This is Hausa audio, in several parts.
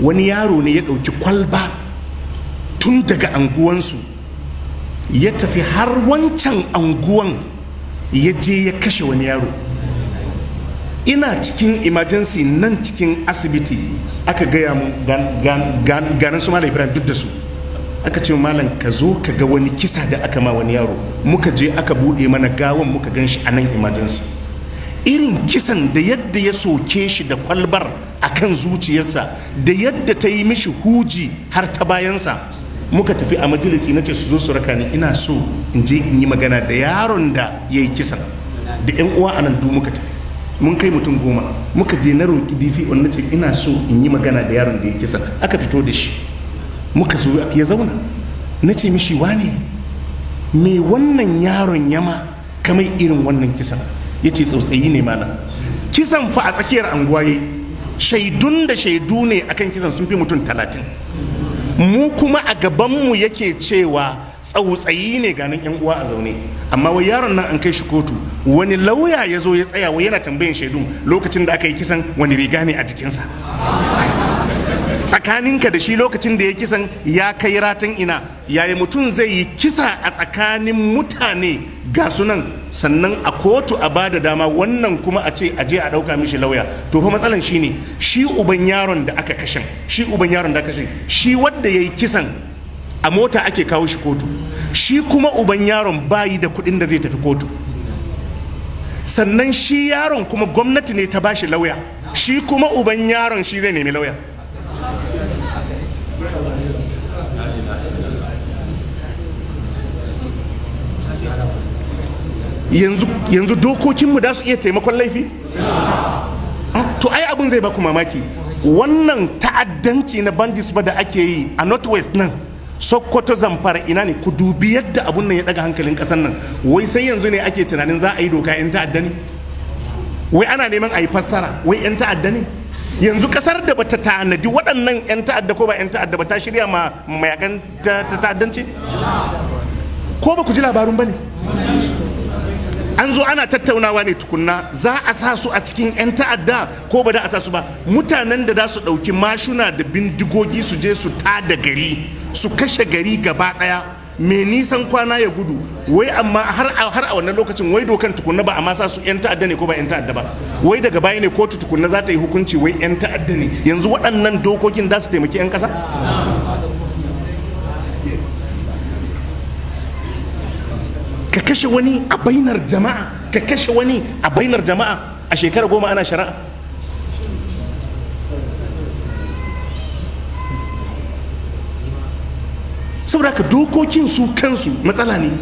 wani yaro ne ya ɗauki kwalba tun daga anguwansu ya tafi har wancan anguwan ya je ya kashe wani yaro ina cikin emergency nan cikin asibiti aka gaya mu ganin su malam ibrahim duk da su aka ce malam ka zo ka ga wani kisa da aka ma wani yaro muka je aka buɗe mana gawan muka gan shi a nan emergency irin kisan da yadda ya soke shi da kwalbar a kan zuciyarsa da yadda ta yi mishi huji har ta bayansa muka tafi a majalisi na ce su zo su raka ni ina so in je in yi magana da yaron da ya yi kisan da yan uwa anan du muka tafi mun kai mutum goma muka je na roƙi bifi na ce ina so in yi magana da yaron da ya yi kisan aka fito da shi muka zo ya zauna na ce mishi wane me wannan yaron yama kamar irin wannan kisan ya ce tsautsayi ne mana kisan fa a tsakiyar anguwaye shaidun da shaidu ne akan kisan sun fi mutum talatin mu kuma a gabanmu yake cewa tsautsayi ne ganin yan uwa a zaune amma wai yaron nan an kai shi kotu wani lauya ya zo ya tsaya wai yana tambayin shaidun lokacin da aka yi kisan wani riga ne a jikinsa tsakaninka da shi lokacin da ya kisan ya kai ratan ina yayi mutum zai yi kisa a tsakanin mutane ga sunan sannan a kotu a bada dama wannan kuma a ce aje a dauka mishi lauya to fa matsalan ne, shi uban yaron da aka kashe shi uban yaron da aka kashe shi wanda yayi kisan a mota ake kawo shi kotu shi kuma uban yaron bayi da kuɗin da zai tafi kotu sannan shi yaron kuma gwamnati ne ta bashi lauya shi kuma uban yaron shi zai nemi lauya yanzu dokokinmu da su iya taimakon laifi ah, to ai abin zai baku mamaki wannan ta'addanci na bandits ba da ake yi a North West nan sokoto zamfara ina ne ku dubi yadda abun nan ya daga hankalin kasar nan wai sai yanzu ne ake tunanin za a yi doka yan ta'adda ne wai ana neman a yi fassara wai yan ta'adda ne yanzu kasar da bata tanadi waɗannan yan ta'adda ko ba yan ta'adda ba ta shirya ma mayakan ta'addanci ko ba ku ji labarun ba ne an zo ana tattaunawa ne tukunna za a sa su a cikin 'yan ta'adda ko ba da a sa su ba mutanen da za su ɗauki mashuna da bindigogi su je su ta da gari su kashe gari gaba ɗaya me nisan kwana ya gudu wai amma har a wannan lokacin wai dokan tukunna ba ma sa su 'yan ta'adda ne ko ba 'yan ta'adda ba wai daga baya ne kotu tukunna za ta yi hukunci wai 'yan ta'adda ne yanzu waɗannan dokokin za su taimaki 'yan ƙasa ka kashe wani a bainar jama'a ka kashe wani a bainar jama'a a shekara goma ana shari'a saboda ka dokokin su kansu matsala ne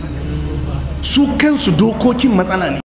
su kansu dokokin matsala ne